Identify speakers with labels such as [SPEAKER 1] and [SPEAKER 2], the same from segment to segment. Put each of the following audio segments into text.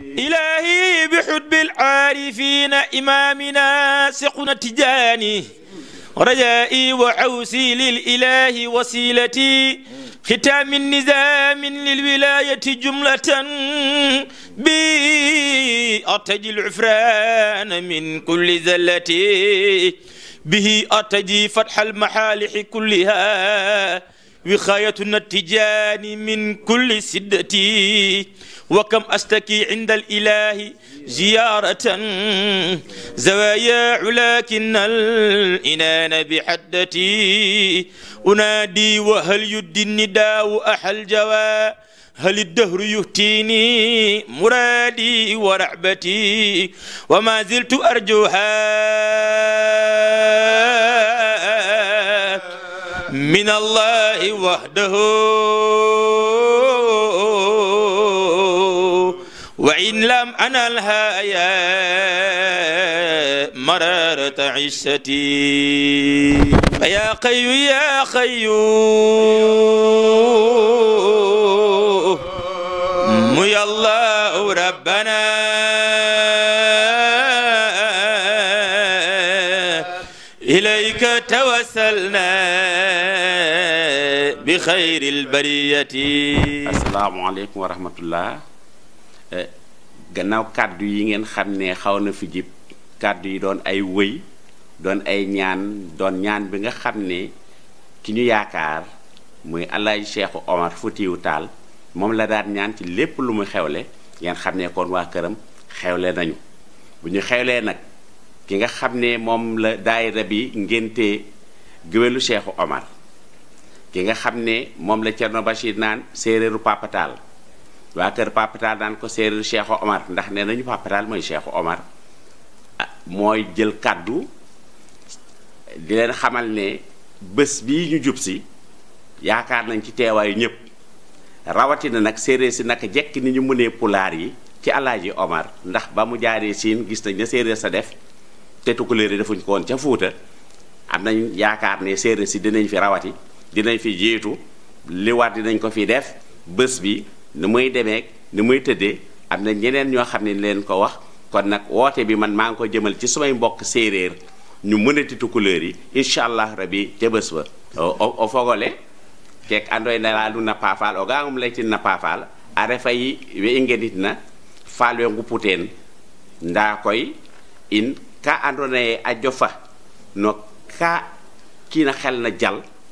[SPEAKER 1] إلهي بحب العارفين إمامنا سقنا تجاني رجائي وعوسي للإله وسيلتي ختام النزام للولاية جملة بي أرتجي العفران من كل زلتي به أرتجي فتح المحالح كلها wiqaayatuna tijaani min kulli siddati wa kam astaki inda al ilaahi ziyaaratan zawaaya laakin al inaana bi haddati unaadi wa hal yuddi nidaawu ahal jawaa هل الدهر يهتيني مرادي ورعبتي وما زلت أرجوها من الله وحده وإن لم أنلها يا مرارة عشتي فيا قيو يا قيو يا الله
[SPEAKER 2] xayril bariyati asalaamaaleykum wa eh, gannaaw kàddu yi ngeen xam ne xaw na fi jib kàddu yi doon ay wëy doon ay ñaan doon ñaan bi nga xam ne ki ñu yaakaar muy Alaaji Cheikh Omar Foutiyou Tall moom la daan ñaan lépp lu mu xewle ngeen xam ne kon këram xewle nañu bu ñu xewlee nag ki nga xam ne moom la daayira bi ngénte géwélu Cheikh Omar ki nga xam ne moom la Thierno Bachir naan séeréeru papatal waa kër papatal naan ko séeréeru Cheikhu Omar ndax nee nañu papatal mooy Cheikhu Omar ah, mooy jël kàddu di leen xamal ne bés bii ñu jub si yaakaar nañ ci teewaayu ñëpp rawatina nag séeréer si naka jekk ni ñu mënee pulaar yi ci alaaji Omar ndax ba mu jaaree siin gis nañ ne séeréer sa def te tukuleer yi defuñ ko woon ca Fuuta am nañ yaakaar ne séeréer si dinañ fi rawati dinañ fi jiitu liwaat war dinañ ko fi def bés bi ni muy demee ni muy tëddee am na ñeneen ñoo xam ne leen ko wax kon nag woote bi man maa ngi ko jëmal ci samay mbokk séeréer ñu mënati tukkuleer yi incha allah rabi ca bés ba o fogole kek andoy nalalu nappafal o gangum laytin nappafal a refayi we i ngenitna faal we ngupputen nda koy in ka andoona yee a jofa no ka kiina xel na jal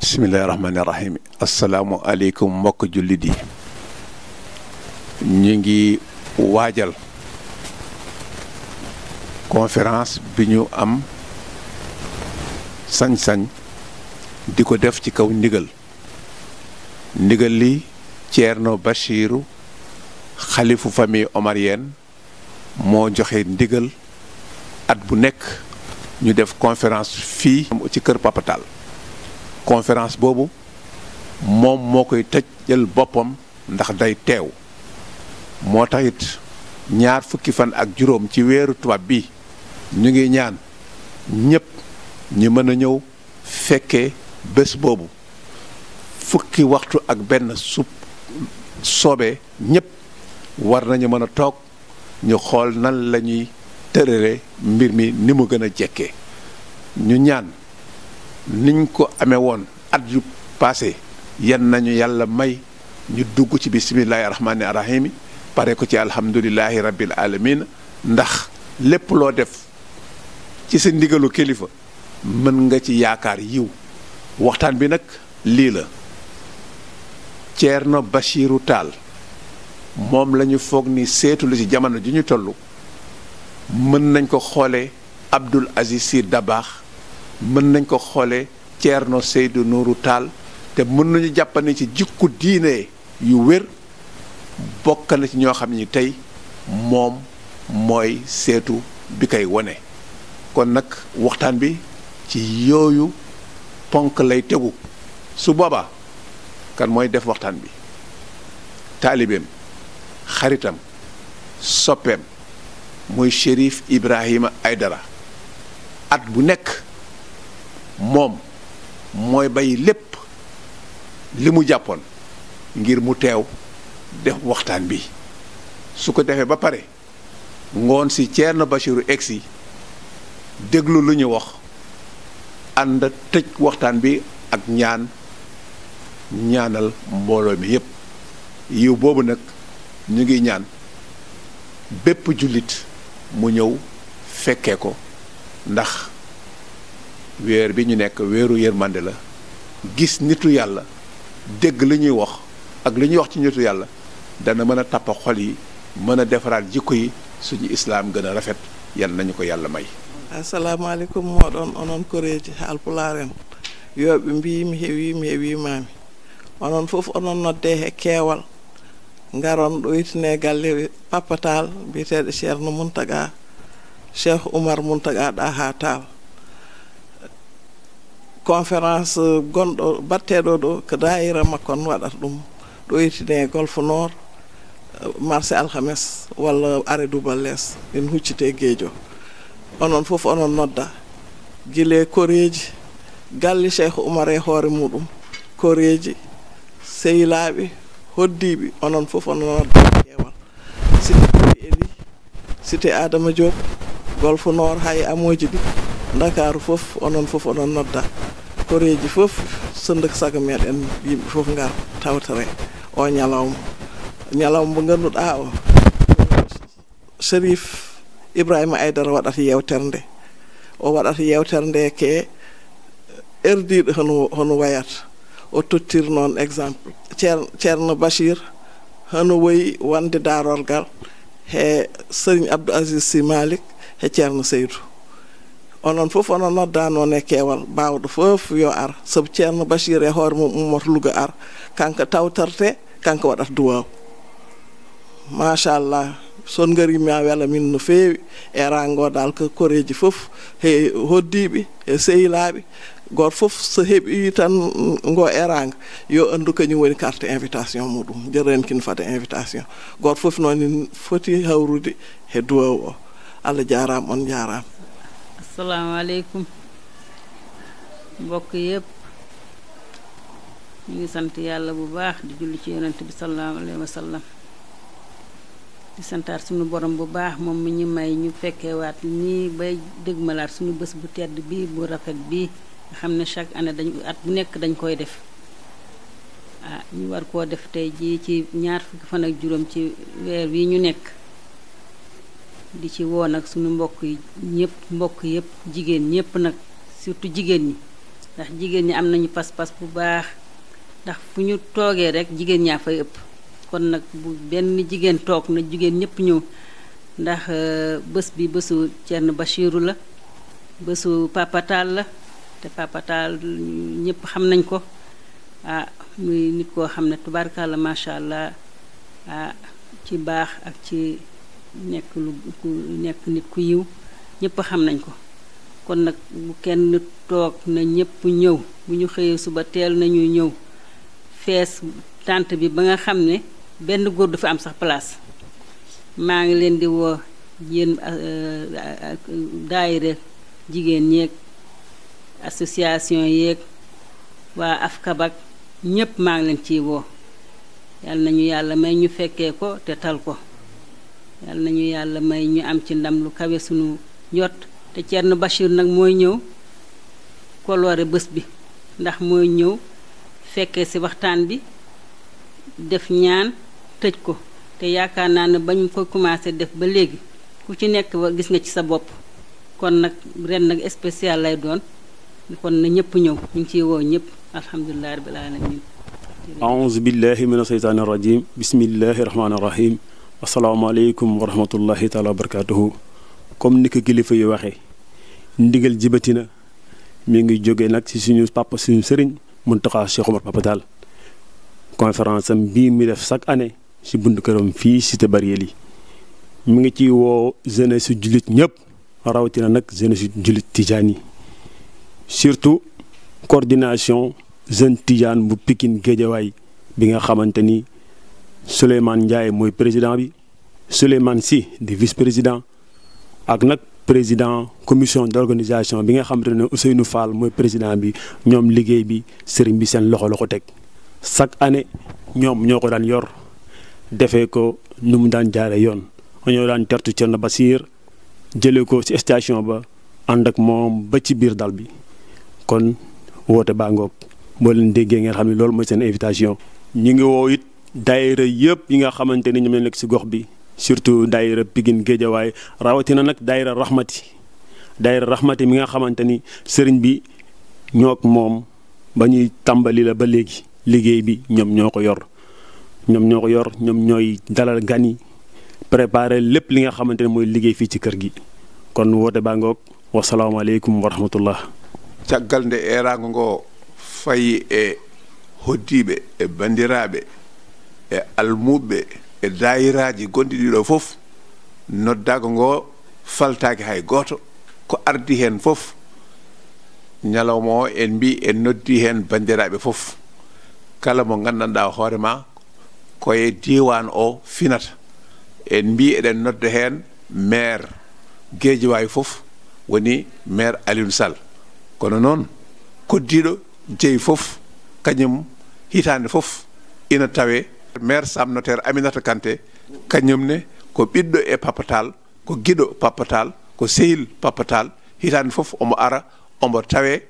[SPEAKER 3] bisimilahi rahmaani rahim asalaamualeykum mbokk jullit yi ñu ngi waajal conférence bi ñu am sañ-sañ di ko def ci kaw ndigal ndigal li Thierno Bachiru xalifu famille omarienne moo joxe ndigal at bu nekk ñu def conférence fii ci kër Papatal conférence boobu moom moo koy tëj jël boppam ndax day teew moo taxit ñaar fukki fan ak juróom ci weeru tubaab bi ñu ngi ñaan ñépp ñu mën a ñëw fekkee bés boobu fukki waxtu ak benn su soobee ñépp war nañu mën a toog ñu xool nan lañuy tërale mbir mi ni mu gën a jekke ñu ñaan niñ ko amee woon at yu passé yenn nañu yàlla may ñu dugg ci bisimillahi rahmaani rahimi pare ko ci alhamdulilahi rabbil alamin ndax lépp loo def ci sa ndigalu kilifa mën nga ci yaakaar yiw waxtaan bi nag lii la na Bachiru Taal moom lañu foog ni seetu ci jamono ji ñu toll mën nañ ko xoolee Abdul Aziz Sy Dabaax mën nañ ko xoolee Thierno Seydou Nourou taal te mën nañu jàppane ci jikku diine yu wér bokk na ci ñoo xam ni tey moom mooy seetu bi koy wone kon nag waxtaan bi ci yooyu ponk lay tegu su booba kan mooy def waxtaan bi taalibeem xaritam soppeem muy Chérif Ibrahima Aydara at bu nekk moom mooy bay lépp li mu jàppoon ngir mu teew def waxtaan bi su ko defee ba pare ngoon si Thierno Bachirou egsi déglu lu ñu wax ànd tëj waxtaan bi ak ñaan ñaanal mbooloo mi yépp yiw boobu nag ñu ngi ñaan bépp jullit mu ñëw fekkee ko ndax weer bi ñu nekk weeru yërmande la gis nitu yàlla dégg li ñuy wax ak li ñuy wax ci nitu yàlla dana mën a tàppa xol yi mën a defaraat jikko yi suñu islaam gën rafet yal nañu ko yàlla may
[SPEAKER 4] asalaamaaleykum moɗon onon koreeji haalpulaar en yooɓe mbi mi heewi mi heewimaami onon fof onon nodde he keewal ngaron ɗo yitine galle papatal biyeteeɗo ceerno muntaga cheikh oumar muntaga ɗa ha taal conférence euh, gonɗo euh, batteɗo ɗo ko daira makko on waɗata ɗum ɗoytine golfe nord euh, marché alhames walla are dubal less min huccite e gueejo onon fof onon nodda guile koreji galle cheikh oumar e muɗum koreji sehilaɓe hoddiɓe onon fof onon nodda ƴeewal e cité eli cité adama nord hay amoji ɗi ndakaaru fof onon fof onon nodda koreeji fof sonduko sago meɗen yimɓe fof ngar tawtore o ñalawma ñalawma mo ngannduɗaa o sérif ibrahima aydara waɗata yewtere nde o waɗata yewtere nde ke erdiɗo hono hono wayata o tottiri noon exemple ceerno bachir hono woyi wonde darorgal he sërigne abdou asis si malik he ceerno seydou onon fof onon noddanone e keewal mbawɗo fof yo ar saabu ceerno bachir e hoore mum ummoto luga ar kanko tawtarte kanko waɗata duwaw machallah son garima wela min no feewi e rangodal ko koreji fof he hoddiɓe e sehilaɓe goto fof so heeɓi tan ngo eranga yo andu kañum woni carte invitation muɗum jarani kino fada invitation goto fof noon foti hawrude he duwaw o allah jarama on jarama
[SPEAKER 5] asalaamaaleykum mbokk yépp ñu ngi sant yàlla bu baax di julli ci yonent bi sallallahu alayhi wa sallam di santaat suñu borom bu baax moom mi ñu may ñu fekkewaat nii bay dëgmalaat suñu bés bu tedd bi bu rafet bi nga xam ne chaque année dañ at bu nekk dañ koy def ah ñu war koo def tey jii ci ñaar fukki fan ak juróom ci weer wi ñu nekk di ci woo nag suñu mbokk yi ñëpp mbokk yëpp jigéen ñëpp nag surtout jigéen ñi ndax jigéen ñi am nañu pas-pas bu baax ndax fu ñu toogee rek jigéen ñaa fay ëpp kon nag bu benn jigéen toog na jigéen ñëpp ñëw ndax euh, bés bi bësu Thierno Bachirou la bësu papatal la te papatal ñëpp xam nañ ko ah muy nit koo xam ne tubaarkalla macha allah ah ci baax ak ci nekk lu ku nekk nit ku yiw ñépp xam nañ ko kon nag bu kenn toog na ñëpp ñëw bu ñu xëyee suba teel nañu ñëw fees tànt bi ba nga xam ne benn góor du fi am sax palaas maa ngi leen di woo yéen euh, daayira jigéen ñeeg association yéeg waa afkabak ñëpp maa ngi leen ciy woo yàlla nañu yàlla may ñu fekkee ko te tal ko yal nañu yàlla may ñu am ci ndam lu kawe sunu njot te Thierno Bachir nag mooy ñëw koloore bés bi ndax mooy ñëw fekkee ci waxtaan bi def ñaan tëj ko te yaakaar naa ne ba ñu ko commencé def ba léegi ku ci nekk wa gis nga ci sa bopp kon nag ren nag spécial lay doon kon na ñëpp ñëw ñu ngi ciy woo ñëpp alhamdulilahi rabbil alamin
[SPEAKER 6] aouzu billahi min asheytaani irrajim bismillahi rahmaani rahim asalaamaaleykum wa rahmatullahi taala wa barakaatuhu comme ni ko kilifa yi waxee ndigal jibatina na mi ngi jóge nag ci suñu papa suñu sëriñ mun Cheikh Omar Papa Tall conférence am bii mi def chaque année ci buntu këram fii cité Barrière yi mu ngi ci woo jeunesse su jullit ñëpp rawatina nag jeunesse su jullit tijaan yi surtout coordination jeune tijaan bu pikin Géejawaay bi nga xamante ni. Souleymane Ndiaye mooy président bi Souleymane si di vice président ak nag président commission d' organisation bi nga xam te ne Ousseynou Fall mooy président bi ñoom liggéey bi sëriñ bi seen loxo la ko teg chaque année ñoom ñoo ko daan yor defee ko nu mu daan jaaree yoon ñoo daan tertu Thierno Basir jëlee ko ci station ba ànd ak moom ba ci biir dal bi kon woote baa ngoog boo leen déggee ngeen xam ne loolu mooy seen invitation. ñu ngi woo it daayira yëpp yi nga xamante ni ñoom la nekk si gox bi surtout daayira Pikine Géejawaay rawatina nag daayira Rahmati daayira Rahmati mi nga xamante ni sëriñ bi ñoog moom ba ñuy tàmbali la ba léegi liggéey bi ñoom ñoo ko yor ñoom ñoo ko yor ñoom ñooy dalal gan yi lépp li nga xamante ne mooy liggéey fii ci kër gi kon woote baa ngoog wasalaamaaleykum wa rahmatullah
[SPEAKER 3] caggal nde eraango ngo fayi e hoddiiɓe e banndiraaɓe e almuɓe e dayiraji gonɗi ɗiɗo fof noddago ngo faltaki hay goto ko ardi hen fof ñalawma en mbi en noddi hen bandiraɓe fof kala mo gandanɗa hoore ma koye diwan o finata en mbi eɗen nodda hen maire gueji fof woni maire aliune kono noon koddiɗo jeeyi fof kañum hitande fof ina tawe maire sam notaire aminata kanté kañumne ko ɓiɗɗo e papatal ko giɗo papatal ko sehil papatal hitande fof omo ara omo tawe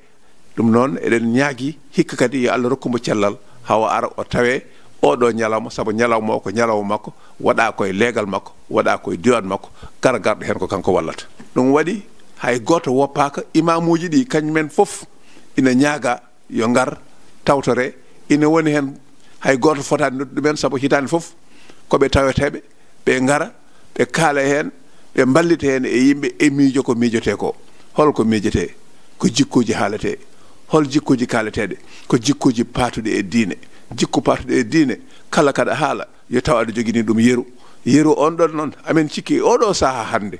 [SPEAKER 3] ɗum noon eɗen ñaagui hikka kadi yo allah rokkumo cellal hawa ara o tawe oɗo ñalawma saabu ñalawma makko waɗa koye leegal makko waɗa koye diwan makko gara garɗo hen kanko wallata ɗum waɗi hay goto woppaka imamuji ɗi kañumen foof ina ñaaga yo gar tawtore ina woni hen hay goto fotani noddude men saabu hitande foof koɓe taweteɓe ɓe gara ɓe kaala hen ɓe ballita hen e yimɓe e miijo ko miijote ko holko miijete ko jikkuji haalete hol jikkuji kaaleteɗe ko jikkuji paatuɗe e diine jikku paatuɗe e diine kala kaɗa haala yo taw aɗa jogini ɗum yeru yeru on ɗon noon amin cikki e oɗo saaha hannde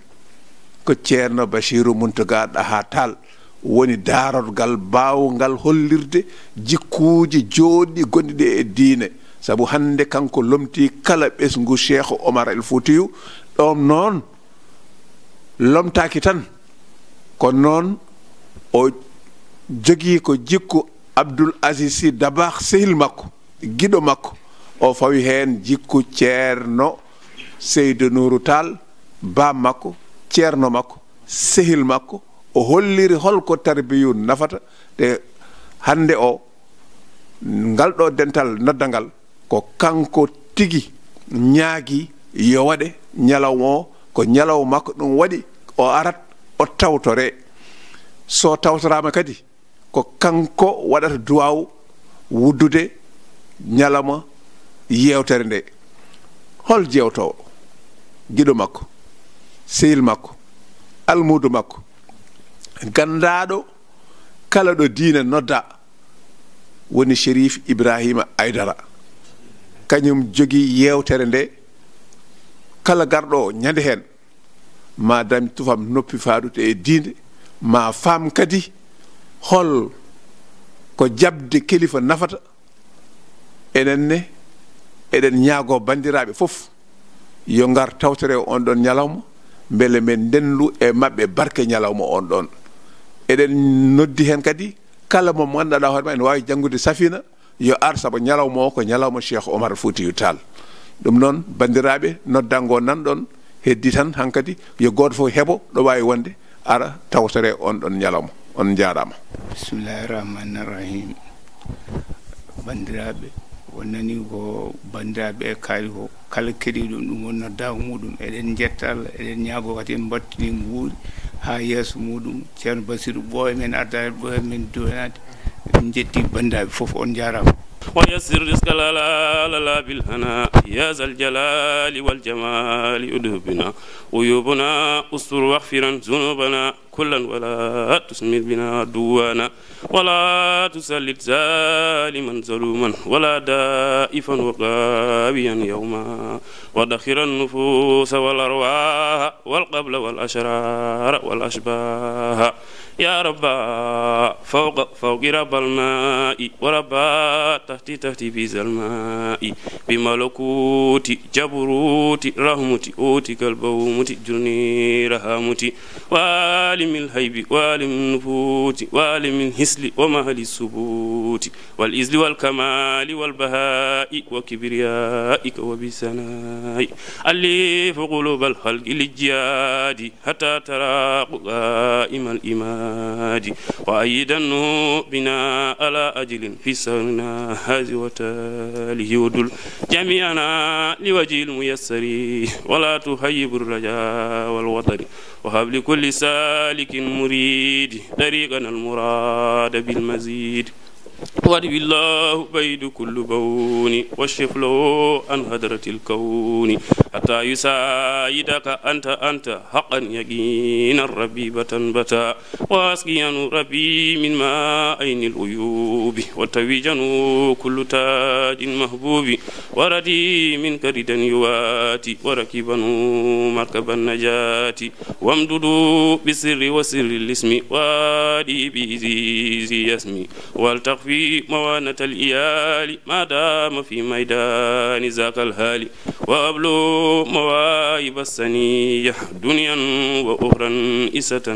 [SPEAKER 3] ko ceerno bachiru muntugaɗo ha taal woni daarorgal mbaawgal hollirde jikkuuji jooɗɗi gonɗi ɗe e diine sabu hannde kanko lomtii kala ɓesngu cheikh omar el fotiyu ɗon noon lomtaaki tan kono noon o jogii ko jikku abdoul asisi dabah sehil makko giɗo makko o fawi heen jikku ceerno seydou nouru baam makko ceerno makko sehil makko o holliri holko tarbiyu nafata hande o ngal ɗo dental noddangal ko kanko tigi ñaagi yo ñalawma o ko ñalaw makko ɗum waɗi o arat o tawtore so tawtorama kadi ko kanko waɗata duwaw wuddude ñalama yewtere nde hol jewtowo giɗo makko sehil makko almudu makko gandaɗo kala ɗo diina nodda woni shérif ibrahima aydara kañum jogii yewtere nde kala garɗo o ñande heen ma tufam noppi faaɗude e diinde ma faam kadi hol ko jabde kilifa nafata enen ne eɗen ñaago banndiraaɓe fof yo ngar tawtere on ɗon ñalawma mbele men ndendu e maɓɓe barke ñalawma on ɗon eɗen noddi hen kadi kala mo ganduɗa hoorema ene wawi janggude safina yo ar saabu ñalawma o ko ñalawma cheikh omar foutiyou tall ɗum noon bandiraɓe noddango nanɗon heddi tan hankkadi yo goto fof heeɓo ɗo wawi wonde ara tawtore on ɗon ñalawma on jarama ha yeeso muɗum ceerno basirou ɓooya men ardaade ɓooya men duwanaade en njettii banndiraaɓe fof on njaaraama
[SPEAKER 7] ويسر رزق لا لا لا بالهناء يا ذا الجلال والجمال أدهبنا عيوبنا استر واغفرا ذنوبنا كلا ولا تسمل بنا عدوانا ولا تسلط ظالما ظلوما ولا دائفا وقابيا يوما ودخر النفوس والأرواح والقبل والأشرار والأشباه يا ربا فوق فوق رب الماء وربا تحتي تحتي في ذا الماء بملكوت جبروت رحمتي أوتك البومت جرني رحمتي وعالم الهيب وعالم النفوت وعالم الهسل ومهل الثبوت والإزل والكمال والبهاء وكبريائك وبسناء ألف قلوب الخلق للجياد حتى تراق قائم الإيمان الهادي وأيدنه بنا على أجل في سهرنا هذه وتاله ودل جميعنا لوجه الميسر ولا تهيب الرجاء والوطن وهب لكل سالك مريد طريقنا المراد بالمزيد وادوي الله بيد كل بون واشف له عن هدرة الكون حتى يسايدك أنت أنت حقا يقينا ربي بتا واسقيا ربي من ماء العيوب وتويجا كل تاج مهبوب وردي منك ردا يواتي وركبا مركب النجاة وامدد بالسر وسر الاسم وادي بإذيز يسمي والتخفي في موانة الإيال ما دام في ميدان ذاك الهالي وأبلو مواهب السنية دنيا وأخرى إسة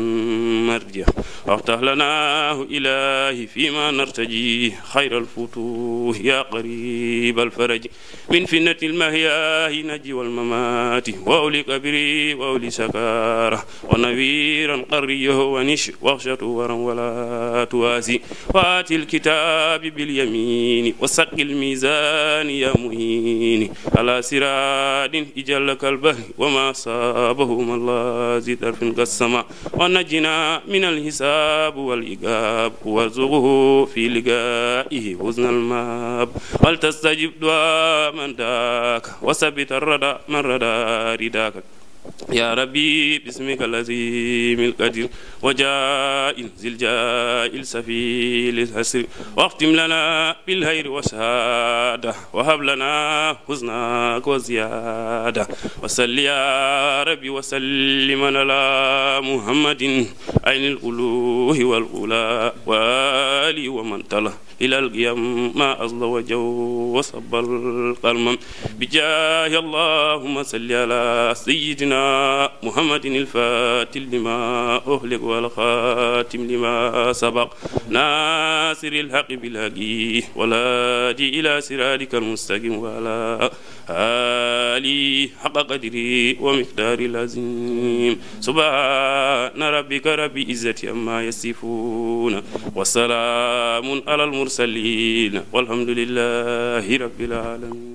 [SPEAKER 7] مرجية وافتح لناه إلهي فيما نرتجي خير الفتوح يا قريب الفرج من فنة المهياه نجي والممات وأولي كبري وأولي سكارة ونبيرا قريه ونش واخشى ورا ولا تواسي وآتي الكتاب الحساب باليمين وسق الميزان يا مهين على سراد إجل كالبهر وما صابهما الله ذي طرف كالسماء ونجنا من الحساب والإقاب وارزقه في لقائه حزن الماب ولتستجب دعاء من داك وثبت الردى من ردى رداك يا ربي باسمك العظيم القدير وجائل ذي الجائل سفيل الحسر واختم لنا بالخير والسعادة وهب لنا حزنك وزيادة وصل يا ربي وسلم على محمد عين الألوه والأولى وآله ومن تله إلى القيام ما أصل وجو وصب القلم بجاه اللهم صل على سيدنا محمد الفاتح لما أهلك والخاتم لما سبق ناصر الحق بالهدي والهادي إلى صراطك المستقيم وعلى آله حق قدره ومقدار العظيم سبحان ربك رب العزة عما يصفون
[SPEAKER 6] وسلام على المرسلين والحمد لله رب العالمين